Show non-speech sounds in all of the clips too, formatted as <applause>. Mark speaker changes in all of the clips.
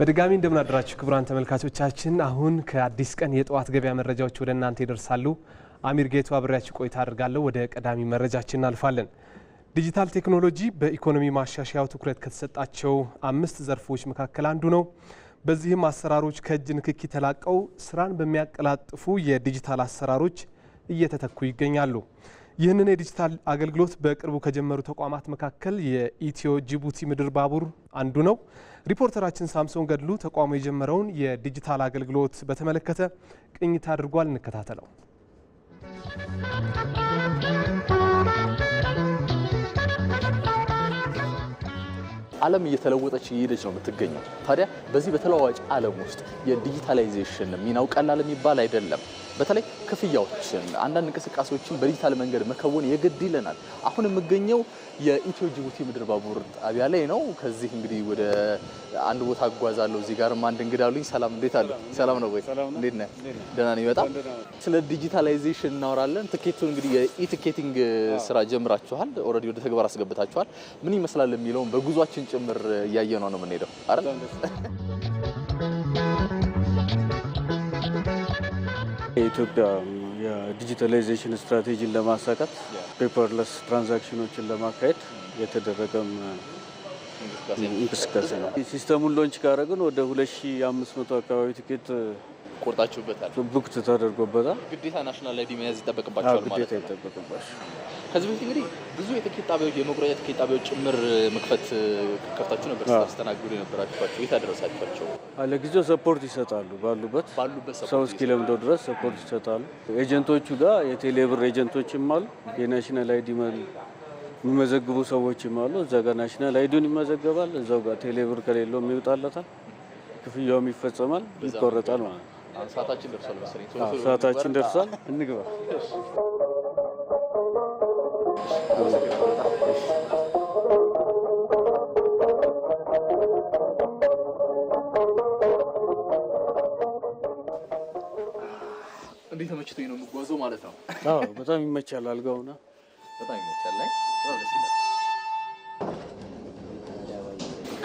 Speaker 1: በድጋሚ እንደምን አደራችሁ ክቡራን ተመልካቾቻችን። አሁን ከአዲስ ቀን የጠዋት ገበያ መረጃዎች ወደ እናንተ ይደርሳሉ። አሚር ጌቱ አብሬያችሁ ቆይታ አድርጋለሁ። ወደ ቀዳሚ መረጃችን እናልፋለን። ዲጂታል ቴክኖሎጂ በኢኮኖሚ ማሻሻያው ትኩረት ከተሰጣቸው አምስት ዘርፎች መካከል አንዱ ነው። በዚህም አሰራሮች ከእጅ ንክኪ ተላቀው ስራን በሚያቀላጥፉ የዲጂታል አሰራሮች እየተተኩ ይገኛሉ። ይህንን የዲጂታል አገልግሎት በቅርቡ ከጀመሩ ተቋማት መካከል የኢትዮ ጅቡቲ ምድር ባቡር አንዱ ነው። ሪፖርተራችን ሳምሶን ገድሉ ተቋሙ የጀመረውን የዲጂታል አገልግሎት በተመለከተ ቅኝት አድርጓል። እንከታተለው።
Speaker 2: ዓለም እየተለወጠች እየሄደች ነው የምትገኘው። ታዲያ በዚህ በተለዋዋጭ ዓለም ውስጥ የዲጂታላይዜሽን ሚናው ቀላል የሚባል አይደለም። በተለይ ክፍያዎችን፣ አንዳንድ እንቅስቃሴዎችን በዲጂታል መንገድ መከወን የግድ ይለናል። አሁን የምገኘው የኢትዮ ጅቡቲ ምድር ባቡር ጣቢያ ላይ ነው። ከዚህ እንግዲህ ወደ አንድ ቦታ አጓዛለሁ። እዚህ ጋርም አንድ እንግዳ አሉኝ። ሰላም፣ እንዴት አለ? ሰላም ነው ወይ? እንዴት ነህ? ደህና ነኝ በጣም። ስለ ዲጂታላይዜሽን እናወራለን። ትኬቱን እንግዲህ የኢትኬቲንግ ስራ ጀምራችኋል። ኦልሬዲ ወደ ተግባር አስገብታችኋል። ምን ይመስላል የሚለውን በጉዟችን ጭምር እያየ ነው ነው የምንሄደው አይደል? የኢትዮጵያ የዲጂታላይዜሽን
Speaker 3: ስትራቴጂን ለማሳካት ፔፐርለስ ትራንዛክሽኖችን ለማካሄድ የተደረገም እንቅስቃሴ ነው። ሲስተሙን ሎንች ካደረግን ወደ 2500 አካባቢ ትኬት ቆርጣችሁበታል፣ ቡክት ተደርጎበታል።
Speaker 2: ግዴታ ናሽናል አይዲ መያዝ ይጠበቅባቸዋል ማለት ነው። ግዴታ ይጠበቅባቸዋል። ከዚህ በፊት እንግዲህ ብዙ የትኬት ጣቢያዎች የመቁረጫ ትኬት ጣቢያዎች ጭምር መክፈት ከፍታችሁ ነበር ስታስተናግዱ የነበራችኋቸው የት አደረሳችኋቸው?
Speaker 3: ለጊዜው ሰፖርት ይሰጣሉ። ባሉበት ሰው እስኪለምደው ድረስ ሰፖርት ይሰጣሉ። ኤጀንቶቹ ጋር የቴሌብር ኤጀንቶችም አሉ። የናሽናል አይዲ መል የሚመዘግቡ ሰዎችም አሉ። እዛ ጋር ናሽናል አይዲን ይመዘገባል። እዛው ጋር ቴሌብር ከሌለው የሚወጣለታል፣ ክፍያውም ይፈጸማል፣ ይቆረጣል ማለት
Speaker 2: ነው። ሰዓታችን ደርሷል መሰለኝ። ሰዓታችን ደርሷል፣ እንግባ እንዴት ተመችቶኝ ነው የምጓዘው ማለት ነው።
Speaker 3: በጣም ይመቻል። አልጋውና
Speaker 2: በጣም ይመቻል ላይ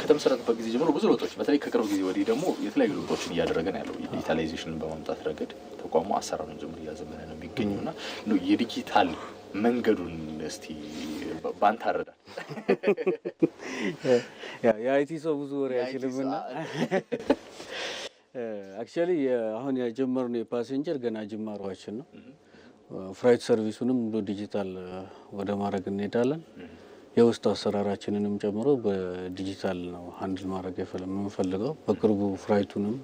Speaker 2: ከተመሰረተበት ጊዜ ጀምሮ ብዙ ለውጦች በተለይ ከቅርብ ጊዜ ወዲህ ደግሞ የተለያዩ ለውጦችን እያደረገ ነው ያለው። ዲጂታላይዜሽንን በማምጣት ረገድ ተቋሙ አሰራሩን ጀምሮ እያዘመነ ነው የሚገኘው እና የዲጂታል መንገዱን እስቲ ባንተ አረዳል። የአይቲ ሰው ብዙ ወሬ አይችልምና
Speaker 3: አክቹዋሊ <laughs> አሁን የጀመርነው የፓሴንጀር ገና ጅማሯችን ነው። ፍራይት ሰርቪሱንም ዲጂታል ወደ ማድረግ እንሄዳለን። የውስጥ አሰራራችንንም ጨምሮ በዲጂታል ነው ሀንድል ማድረግ የምንፈልገው። በቅርቡ ፍራይቱንም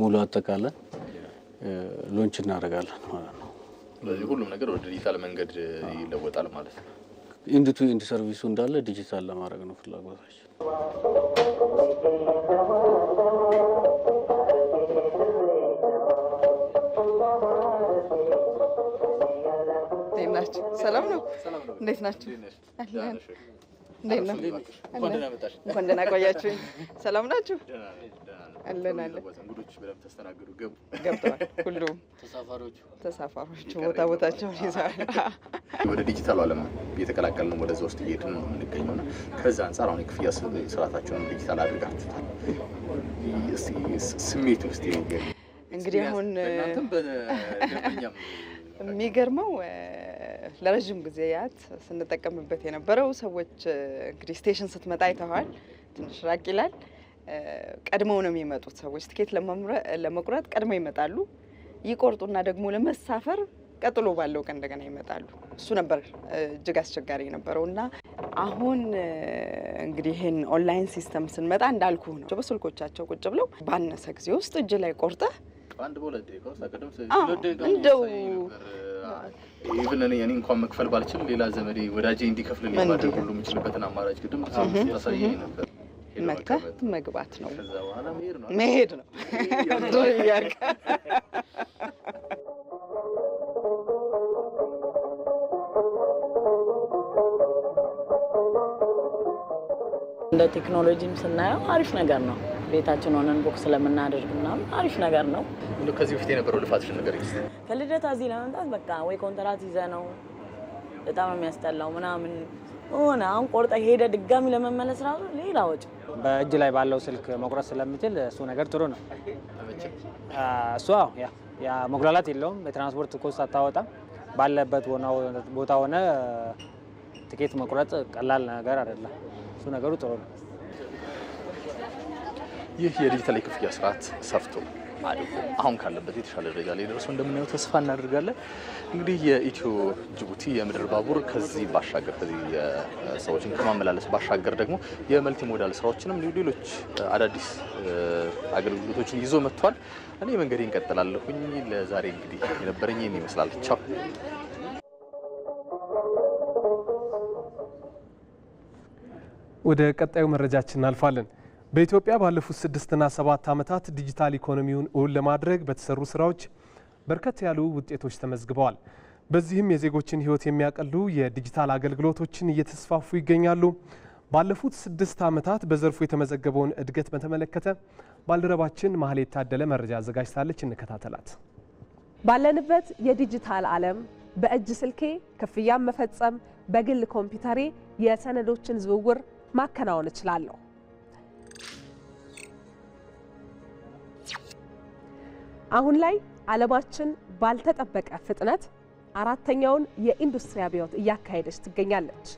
Speaker 3: ሙሉ አጠቃላይ ሎንች እናደርጋለን ማለት ነው። ስለዚህ ሁሉም ነገር ወደ
Speaker 2: ዲጂታል መንገድ ይለወጣል ማለት ነው።
Speaker 3: ኢንድ ቱ ኢንድ ሰርቪሱ እንዳለ ዲጂታል ለማድረግ ነው ፍላጎታችን። ሰላም ነው። እንዴት ናችሁ?
Speaker 4: እንዴት ነው?
Speaker 2: እንኳን ደህና ቆያችሁኝ። ሰላም ናችሁ? አለን አለን። ገብተዋል። ሁሉም ተሳፋሪዎቹ ቦታ ቦታቸውን ይዘዋል። ወደ ዲጂታሉ ዓለም እየተቀላቀልን ነው። ወደዛ ውስጥ እየሄድን ነው የምንገኘው እና ከዛ አንጻር አሁን የክፍያ ስርዓታቸውን ዲጂታል አድርጋችሁታል። ስሜት ውስጥ
Speaker 4: እንግዲህ አሁን የሚገርመው ለረዥም ጊዜያት ስንጠቀምበት የነበረው ሰዎች እንግዲህ ስቴሽን ስትመጣ አይተዋል። ትንሽ ራቅ ይላል። ቀድመው ነው የሚመጡት ሰዎች ትኬት ለመቁረጥ ቀድመው ይመጣሉ። ይቆርጡና ደግሞ ለመሳፈር ቀጥሎ ባለው ቀን እንደገና ይመጣሉ። እሱ ነበር እጅግ አስቸጋሪ የነበረው እና አሁን እንግዲህ ይህን ኦንላይን ሲስተም ስንመጣ እንዳልኩ ነው በስልኮቻቸው ቁጭ ብለው ባነሰ ጊዜ ውስጥ እጅ ላይ ቆርጠ።
Speaker 2: እንደው ኢቭን እኔ እኔ እንኳን መክፈል ባልችል ሌላ ዘመዴ ወዳጄ እንዲከፍል ማድረግ ሁሉ የምችልበትን አማራጭ ግድም ያሳየኝ ነበር። መክተህ መግባት ነው መሄድ ነው እንደ ቴክኖሎጂም ስናየው አሪፍ ነገር ነው። ቤታችን ሆነን ቦክስ ስለምናደርግ ምናምን አሪፍ ነገር ነው። ከዚህ በፊት የነበረው ልፋትሽ ነገር ከልደታ እዚህ ለመምጣት በቃ ወይ ኮንትራት ይዘ ነው በጣም የሚያስጠላው ምናምን ሆነ። አሁን ቆርጠ ሄደ ድጋሚ ለመመለስ ራሱ ሌላ ወጪ።
Speaker 3: በእጅ ላይ ባለው ስልክ መቁረጥ ስለምችል እሱ ነገር ጥሩ ነው። እሱ መጉላላት የለውም። የትራንስፖርት ኮስት አታወጣም። ባለበት ቦታ ሆነ ትኬት መቁረጥ ቀላል ነገር አይደለም። እሱ ነገሩ
Speaker 2: ጥሩ ነው። ይህ የዲጂታል የክፍያ ስርዓት ሰፍቶ አድጎ አሁን ካለበት የተሻለ ደረጃ ላይ ደርሶ እንደምናየው ተስፋ እናደርጋለን። እንግዲህ የኢትዮ ጅቡቲ የምድር ባቡር ከዚህ ባሻገር ከዚህ ሰዎችን ከማመላለስ ባሻገር ደግሞ የመልቲ ሞዳል ስራዎችንም ሌሎች አዳዲስ አገልግሎቶችን ይዞ መጥቷል። እኔ መንገዴ እንቀጥላለሁኝ። ለዛሬ እንግዲህ የነበረኝ ይህን ይመስላል። ቻው
Speaker 1: ወደ ቀጣዩ መረጃችን እናልፋለን። በኢትዮጵያ ባለፉት ስድስትና ሰባት ዓመታት ዲጂታል ኢኮኖሚውን እውን ለማድረግ በተሰሩ ስራዎች በርከት ያሉ ውጤቶች ተመዝግበዋል። በዚህም የዜጎችን ሕይወት የሚያቀሉ የዲጂታል አገልግሎቶችን እየተስፋፉ ይገኛሉ። ባለፉት ስድስት ዓመታት በዘርፉ የተመዘገበውን እድገት በተመለከተ ባልደረባችን ማህሌት ታደለ መረጃ አዘጋጅታለች። እንከታተላት።
Speaker 4: ባለንበት የዲጂታል ዓለም በእጅ ስልኬ ክፍያም መፈጸም፣ በግል ኮምፒውተሬ የሰነዶችን ዝውውር ማከናወን እችላለሁ። አሁን ላይ ዓለማችን ባልተጠበቀ ፍጥነት አራተኛውን የኢንዱስትሪ አብዮት እያካሄደች ትገኛለች።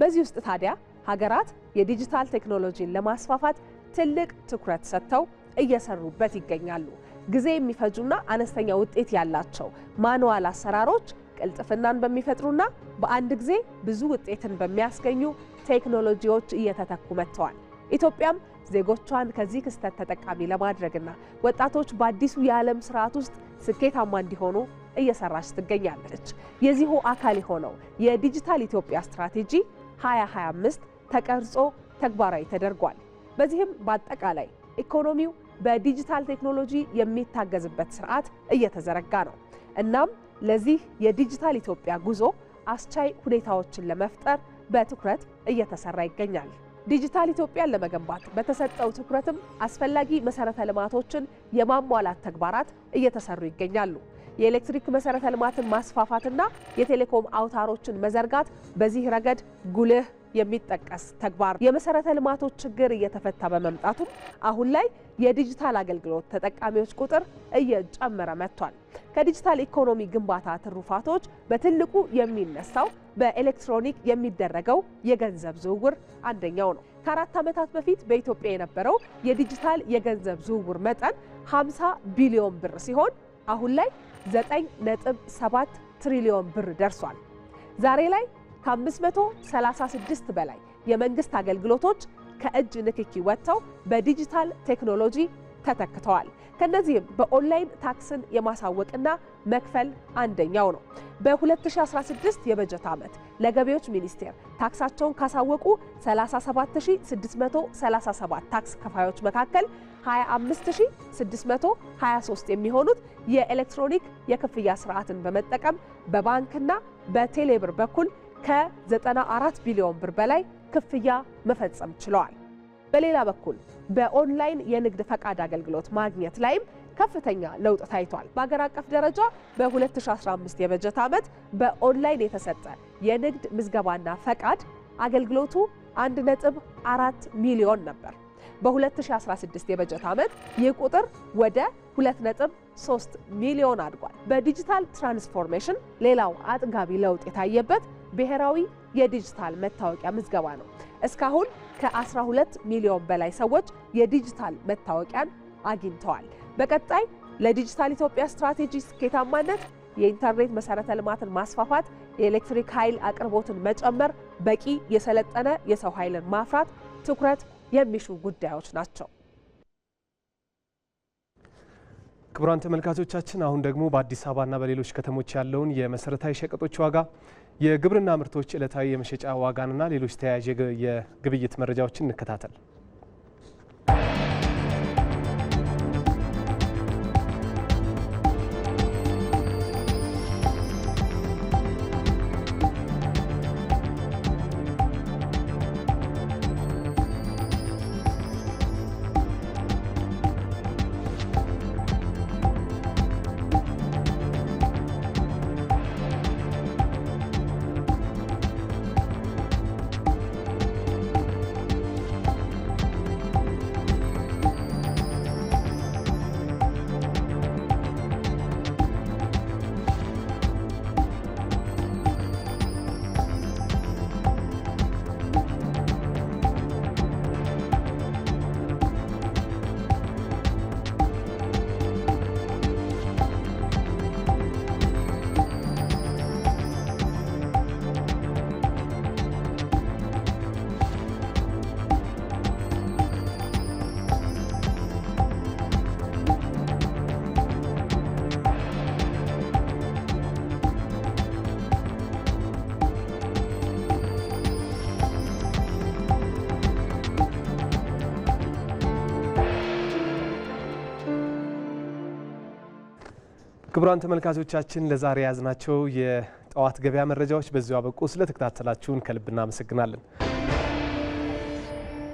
Speaker 4: በዚህ ውስጥ ታዲያ ሀገራት የዲጂታል ቴክኖሎጂን ለማስፋፋት ትልቅ ትኩረት ሰጥተው እየሰሩበት ይገኛሉ። ጊዜ የሚፈጁና አነስተኛ ውጤት ያላቸው ማኑዋል አሰራሮች ቅልጥፍናን በሚፈጥሩና በአንድ ጊዜ ብዙ ውጤትን በሚያስገኙ ቴክኖሎጂዎች እየተተኩ መጥተዋል። ኢትዮጵያም ዜጎቿን ከዚህ ክስተት ተጠቃሚ ለማድረግና ወጣቶች በአዲሱ የዓለም ስርዓት ውስጥ ስኬታማ እንዲሆኑ እየሰራች ትገኛለች። የዚሁ አካል የሆነው የዲጂታል ኢትዮጵያ ስትራቴጂ 2025 ተቀርጾ ተግባራዊ ተደርጓል። በዚህም በአጠቃላይ ኢኮኖሚው በዲጂታል ቴክኖሎጂ የሚታገዝበት ስርዓት እየተዘረጋ ነው። እናም ለዚህ የዲጂታል ኢትዮጵያ ጉዞ አስቻይ ሁኔታዎችን ለመፍጠር በትኩረት እየተሰራ ይገኛል። ዲጂታል ኢትዮጵያን ለመገንባት በተሰጠው ትኩረትም አስፈላጊ መሰረተ ልማቶችን የማሟላት ተግባራት እየተሰሩ ይገኛሉ። የኤሌክትሪክ መሰረተ ልማትን ማስፋፋትና የቴሌኮም አውታሮችን መዘርጋት በዚህ ረገድ ጉልህ የሚጠቀስ ተግባር። የመሰረተ ልማቶች ችግር እየተፈታ በመምጣቱም አሁን ላይ የዲጂታል አገልግሎት ተጠቃሚዎች ቁጥር እየጨመረ መጥቷል። ከዲጂታል ኢኮኖሚ ግንባታ ትሩፋቶች በትልቁ የሚነሳው በኤሌክትሮኒክ የሚደረገው የገንዘብ ዝውውር አንደኛው ነው። ከአራት ዓመታት በፊት በኢትዮጵያ የነበረው የዲጂታል የገንዘብ ዝውውር መጠን 50 ቢሊዮን ብር ሲሆን አሁን ላይ 9.7 ትሪሊዮን ብር ደርሷል። ዛሬ ላይ ከ536 በላይ የመንግስት አገልግሎቶች ከእጅ ንክኪ ወጥተው በዲጂታል ቴክኖሎጂ ተተክተዋል። ከነዚህ በኦንላይን ታክስን የማሳወቅና መክፈል አንደኛው ነው። በ2016 የበጀት ዓመት ለገቢዎች ሚኒስቴር ታክሳቸውን ካሳወቁ 37637 ታክስ ከፋዮች መካከል 25623 የሚሆኑት የኤሌክትሮኒክ የክፍያ ስርዓትን በመጠቀም በባንክና በቴሌብር በኩል ከ94 ቢሊዮን ብር በላይ ክፍያ መፈጸም ችለዋል። በሌላ በኩል በኦንላይን የንግድ ፈቃድ አገልግሎት ማግኘት ላይም ከፍተኛ ለውጥ ታይቷል። በሀገር አቀፍ ደረጃ በ2015 የበጀት ዓመት በኦንላይን የተሰጠ የንግድ ምዝገባና ፈቃድ አገልግሎቱ 1.4 ሚሊዮን ነበር። በ2016 የበጀት ዓመት ይህ ቁጥር ወደ 2.3 ሚሊዮን አድጓል። በዲጂታል ትራንስፎርሜሽን ሌላው አጥጋቢ ለውጥ የታየበት ብሔራዊ የዲጂታል መታወቂያ ምዝገባ ነው። እስካሁን ከ12 ሚሊዮን በላይ ሰዎች የዲጂታል መታወቂያን አግኝተዋል። በቀጣይ ለዲጂታል ኢትዮጵያ ስትራቴጂ ስኬታማነት የኢንተርኔት መሰረተ ልማትን ማስፋፋት፣ የኤሌክትሪክ ኃይል አቅርቦትን መጨመር፣ በቂ የሰለጠነ የሰው ኃይልን ማፍራት ትኩረት የሚሹ ጉዳዮች ናቸው።
Speaker 1: ክቡራን ተመልካቾቻችን አሁን ደግሞ በአዲስ አበባና በሌሎች ከተሞች ያለውን የመሰረታዊ ሸቀጦች ዋጋ የግብርና ምርቶች ዕለታዊ የመሸጫ ዋጋንና ሌሎች ተያያዥ የግብይት መረጃዎችን እንከታተል። ክቡራን ተመልካቾቻችን ለዛሬ የያዝናቸው የጠዋት ገበያ መረጃዎች በዚሁ አበቁ። ስለተከታተላችሁን ከልብ እናመሰግናለን።